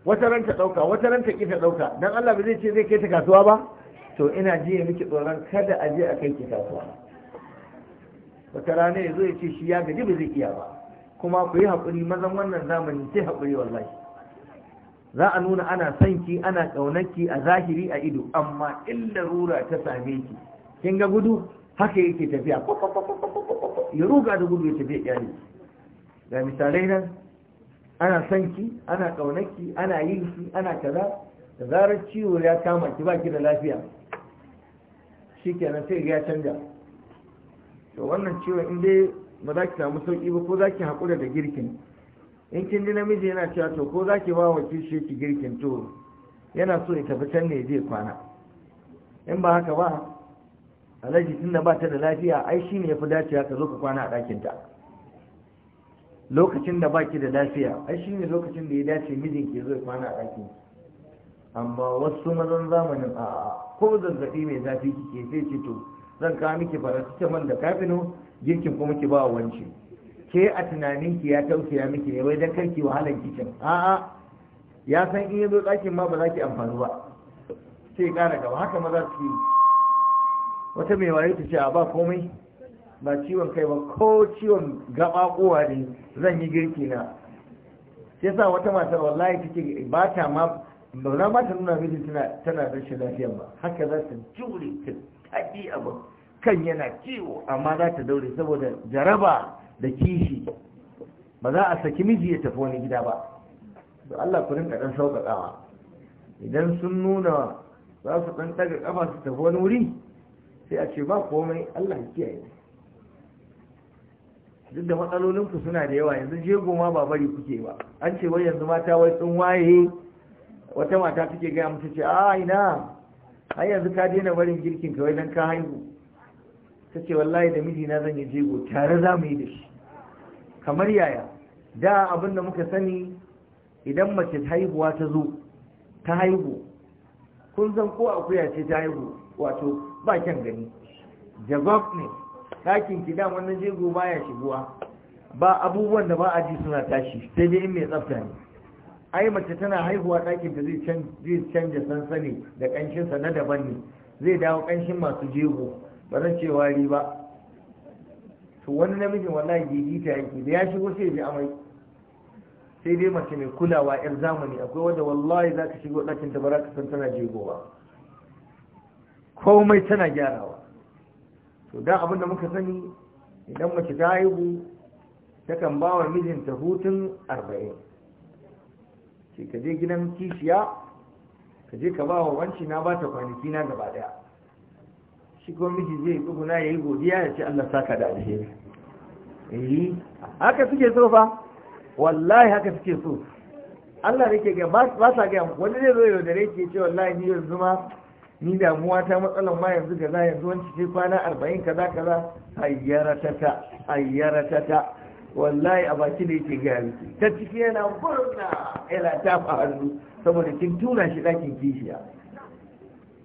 wata ranta ta ɗauka wata ran ta kita ɗauka dan Allah ba zai ce zai kai ta kasuwa ba to ina ji ya miki tsoron kada a je a kai ki kasuwa wata rana ya zo ya ce shi ya gaji ba zai iya ba kuma ku yi haƙuri mazan wannan zamani sai haƙuri wallahi za a nuna ana son ki ana ƙaunarki a zahiri a ido amma illa rura ta same ki kin ga gudu haka yake tafiya ya ruga da gudu ya tafiya iyali ga misalai nan ana son ki ana ƙaunaki ana yin ki ana kaza da zarar ciwo ya kama ki ba da lafiya shi kenan sai ya canja to wannan ciwon in dai ba za ki samu sauki ba ko za ki haƙura da girkin in kin ji namiji yana cewa to ko za ki ba wa kishi ki girkin to yana so ya tafi can ne zai kwana in ba haka ba alhaji tunda ba ta da lafiya ai shi ne ya fi dacewa ka zo ka kwana a ɗakinta lokacin da baki da lafiya ai shine lokacin da ya dace mijin ke zo kwana a ɗakin amma wasu mazan zamanin a ko zazzabi mai zafi kike sai ce to zan kawo miki paracetamol da kafino girkin kuma ki ba wance ke a tunanin ki ya tausaya miki ne wai dan karki wahalan kicin a'a ya san in zo ɗakin ma ba za ki amfani ba sai ƙara gaba haka maza su yi wata mai wayo ta ce a ba komai ba ciwon kai ba ko ciwon gaɓaɓuwa ne zan yi girki na sai sa wata matar wallahi take ba ta ma ba na ba ta nuna miji tana rashin lafiya ba haka za ta jure ta taɗi abu kan yana ciwo amma za ta daure saboda jaraba da kishi ba za a saki miji ya tafi wani gida ba To Allah ku rinka ɗan sauƙaƙawa idan sun nuna za su ɗan ɗaga kafa su tafi wani wuri sai a ce ba komai Allah ya kiyaye duk da matsalolinku suna da yawa yanzu jego ma ba bari kuke ba an ce wai yanzu mata wai sun waye wata mata take gaya mutu ce a ina har yanzu ka daina barin girkin ka wai dan ka haihu ta ce wallahi da mijina zan yi jego tare za mu yi da shi kamar yaya da abin da muka sani idan mace haihuwa ta zo ta haihu kun san ko akuya ce ta haihu wato ba kyan gani jabab ne ɗakin ki da wannan jego baya shigowa ba abubuwan da ba a ji suna tashi sai dai in mai tsafta ne ai mace tana haihuwa ɗakin da zai canja sansani da ƙanshinsa na daban ne zai dawo ƙanshin masu jego ba zan ce wari ba to wani namiji wallahi ta yake da ya shigo sai ji amai sai dai mace mai kulawa yar zamani akwai wanda wallahi za ka shigo ɗakin ta ba za ka san tana jegowa komai tana gyarawa to da abin da muka sani idan mace ta haihu takan ba wa mijinta hutun arba'in ce ka je gidan kishiya ka je ka ba wa wanci na ba ta kwanaki na gaba daya shi kuma miji zai tsuguna ya yi godiya ya ce Allah saka da alheri eh haka suke so fa wallahi haka suke so Allah da ke ga ba sa gaya wani zai zo yau da ce wallahi ni yanzu ma ni damuwa ta matsalar ma yanzu gaza yanzu wani ce kwana arba'in kaza kaza ayyaratata ayyaratata wallahi a baki da yake gari ta ciki yana burna yana ta faru saboda kin tura shi ɗakin kishiya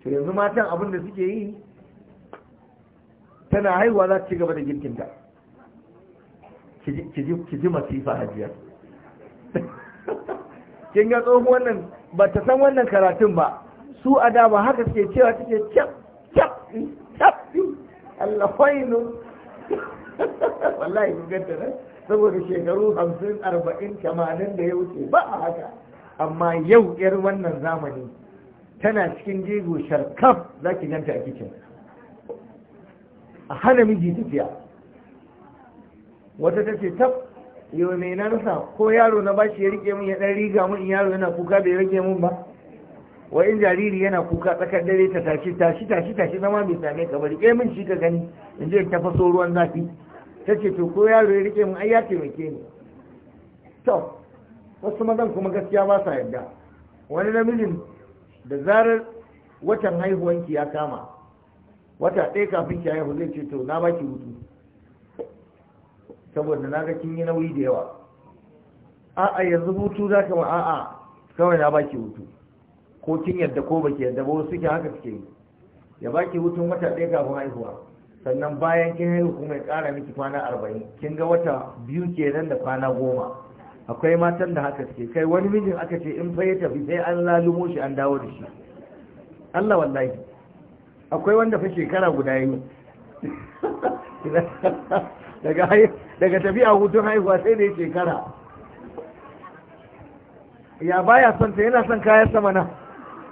to yanzu matan abin da suke yi tana haihuwa za ta ci gaba da girkinta ki ji masifa hajiya (laughs) kin ga tsohon wannan ba ta san wannan karatun ba su a da ba haka suke cewa suke cap cap cap Allah fainu wallahi ku ganta nan saboda shekaru hamsin arba'in tamanin da ya wuce ba a haka amma yau yar wannan zamani tana cikin jego sharkaf za ki ganta a kicin a hana miji tafiya wata ta ce tab yau mai na rasa ko yaro na bashi ya rike min ya dan riga min yaro yana kuka bai rike min ba wa jariri yana kuka tsakar dare ta tashi tashi tashi tashi zama bai same ka bari. ke min shi ka gani in je ta faso ruwan zafi ta ce to ko yaro ya rike min ai ya taimake ni to wasu mazan kuma gaskiya ba sa yarda wani namijin da zarar watan haihuwanki ya kama wata ɗaya kafin ki haihu zai ce to na baki hutu saboda na ga kin yi nauyi da yawa a'a yanzu hutu za ka a'a kawai na baki hutu ko kin yadda ko baki yadda ba wasu ke haka suke ya baki hutun wata ɗaya kafin haihuwa sannan bayan kin haihu kuma ya ƙara miki kwana arba'in kin ga wata biyu kenan da kwana goma akwai matan da haka suke kai wani mijin aka ce in fa ya tafi sai an lalumo shi an dawo da shi Allah wallahi akwai wanda fa shekara guda yi (laughs) daga tafiya hutun haihuwa sai da shekara ya baya son ta yana son kayan sama na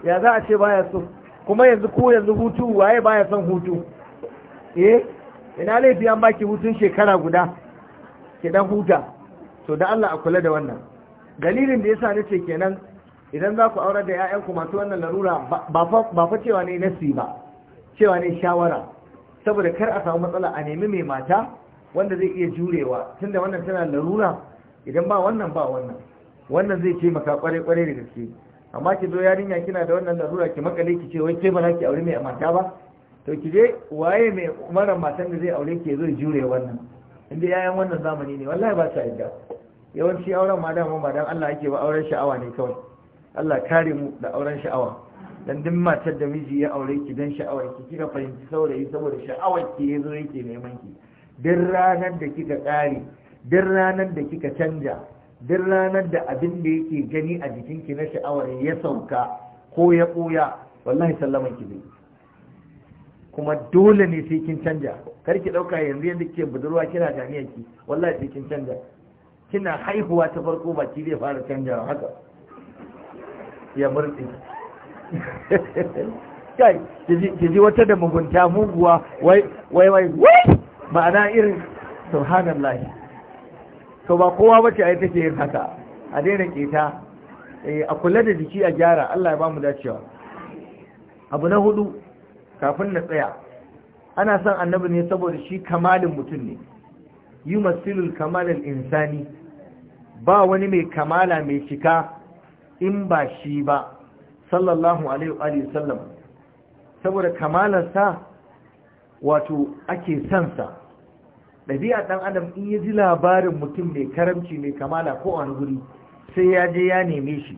ya za a ce baya son? kuma yanzu ko yanzu hutu waye baya son hutu eh ina laifi an baki hutun shekara guda ki dan huta to da Allah a kula da wannan dalilin da yasa nace kenan idan za ku aurar da 'ya'yanku masu wannan larura ba fa cewa ne nasi ba cewa ne shawara saboda kar a samu matsala a nemi mai mata wanda zai iya jurewa tunda wannan tana larura idan ba wannan ba wannan wannan zai taimaka kwarai kwarai da gaske amma ki zo yarinya kina da wannan larura ki makale ki ce wai ke ba ki aure mai mata ba to ki je waye mai umaran matan da zai aure ki zo jure wannan inda yayan wannan zamani ne wallahi ba ta yadda yawanci auren ma dama ba dan Allah yake ba auren sha'awa ne kawai Allah kare mu da auren sha'awa dan duk matar da miji ya aure ki dan sha'awar ki kika fahimci saurayi saboda sha'awar ki yazo yake neman ki duk ranar da kika kare duk ranar da kika canja duk ranar da abin da yake gani a jikinki na sha'awar ya sauka ko ya ɓoya wallahi sallaman ki zai kuma dole ne sai kin canja kar ki ɗauka yanzu yadda ke budurwa kina jami'a ki wallahi sai kin canja kina haihuwa ta farko ba ki zai fara canjawa haka ya murɗe (laughs) kai ki ji wata da mugunta muguwa wai wai wai ma'ana irin subhanallah to ba kowa ba bace ai take yin haka a daina keta eh, a kula da jiki a gyara Allah ya bamu dacewa abu na hudu kafin na tsaya ana son annabi ne saboda shi kamalin mutum ne Yi masilul kamalin insani ba wani mai kamala mai cika in ba shi ba sallallahu alaihi sallam saboda kamalarsa wato ake sansa ɗabi'a ɗan adam in ya ji labarin mutum mai karamci mai kamala ko wani guri sai ya je ya neme shi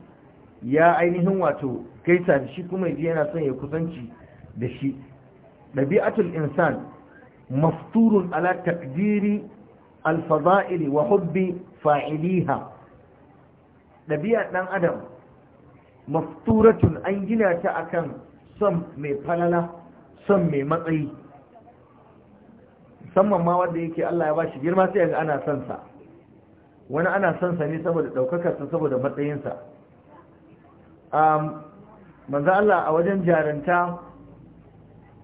ya ainihin wato gaisa da shi kuma ji yana son ya kusanci da shi ɗabi'atul insan mafturun ala takdiri alfaza'ili wa hubbi fa'iliha ɗabi'a ɗan adam mafturatun an gina ta akan son mai falala son mai matsayi musamman ma wanda yake Allah ya ba shi girma sai ana son sa wani ana son sa ne saboda daukakar sa saboda matsayin sa um manzo Allah a wajen jaranta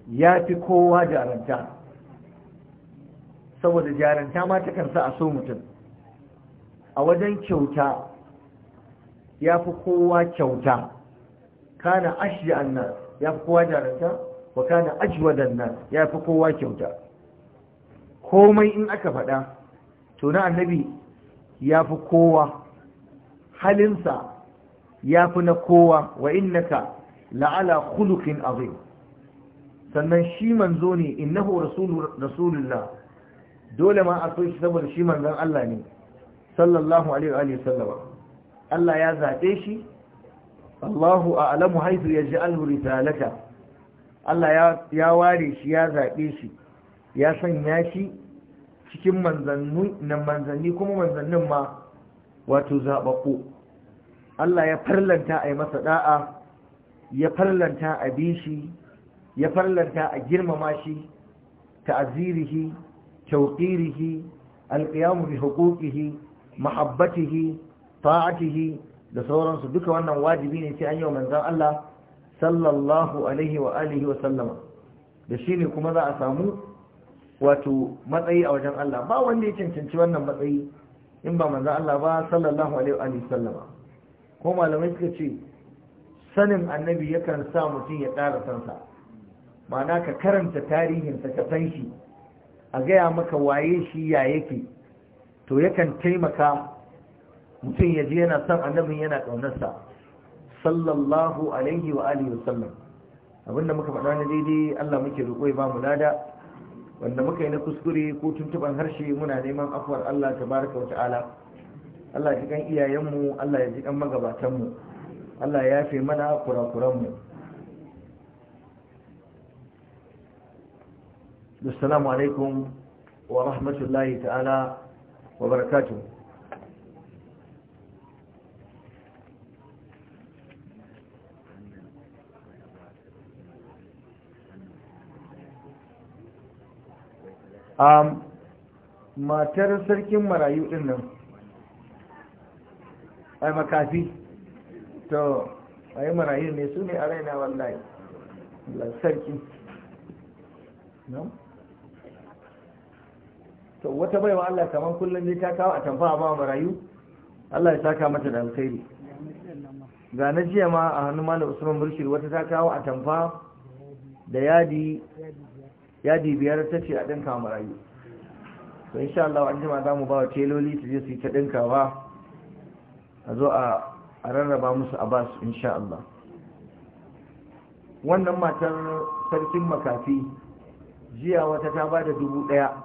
ya fi kowa jaranta saboda jaranta ma takan kansa a so mutum a wajen kyauta ya fi kowa kyauta kana ashi annas ya fi kowa jaranta wa kana ajwadan nas ya fi kowa kyauta komai in aka faɗa to na annabi ya fi kowa halinsa ya fi na kowa wa innaka la'ala khuluqin azim sannan shi manzo ne innahu rasulullah dole ma a so shi saboda shi manzon Allah ne sallallahu alaihi wa sallama Allah ya zaɓe shi Allahu a'lamu haythu yaj'alu risalata Allah ya ware shi ya zaɓe shi ya sanya shi cikin manzanni kuma manzannin ma wato zaɓaɓɓu Allah ya farlanta a yi masa ɗa'a ya farlanta a bi shi ya farlanta a girmama shi ta'azirihi tauƙirihi alƙiyamu bi hukukihi mahabbatihi ta'atihi da sauransu duka wannan wajibi ne sai an yi wa manzan Allah sallallahu alaihi wa alihi wa sallama da shi ne kuma za a samu wato matsayi a wajen Allah ba wanda ya cancanci wannan matsayi in ba manzo Allah ba sallallahu alaihi wa sallama ko malamai suka ce sanin annabi yakan sa mutum ya ƙara sansa ma'ana ka karanta tarihinsa ka san shi a gaya maka waye shi ya yake to yakan taimaka mutum ya ji yana son annabin yana ƙaunarsa sallallahu alaihi wa alihi wa sallam abinda muka faɗa na daidai Allah muke roƙo ya ba mu lada wanda muka yi na kuskure ko tuntuban harshe muna neman afuwar Allah tabaraka wa ta'ala Allah ya kan iyayenmu Allah ya kan magabatanmu Allah ya yafe mana kurakuranmu assalamu alaikum wa rahmatullahi ta'ala wa barakatuh Um, matar sarkin marayu din nan ai makafi to ai marayu ne su ne a raina wallahi sarki to wata baiwa Allah kamar kullum ne ta kawo a tamfa a ba marayu Allah ya saka mata da alkhairi ga na jiya ma a hannun malam usman burshir wata ta kawo a tamfa da yadi yadi biyar ta ce a ɗinka marayu to insha Allah an jima za ba wa teloli su je su yi ta ɗinkawa a zo a rarraba musu a basu insha Allah wannan matar sarkin makafi jiya wata ta ba da dubu ɗaya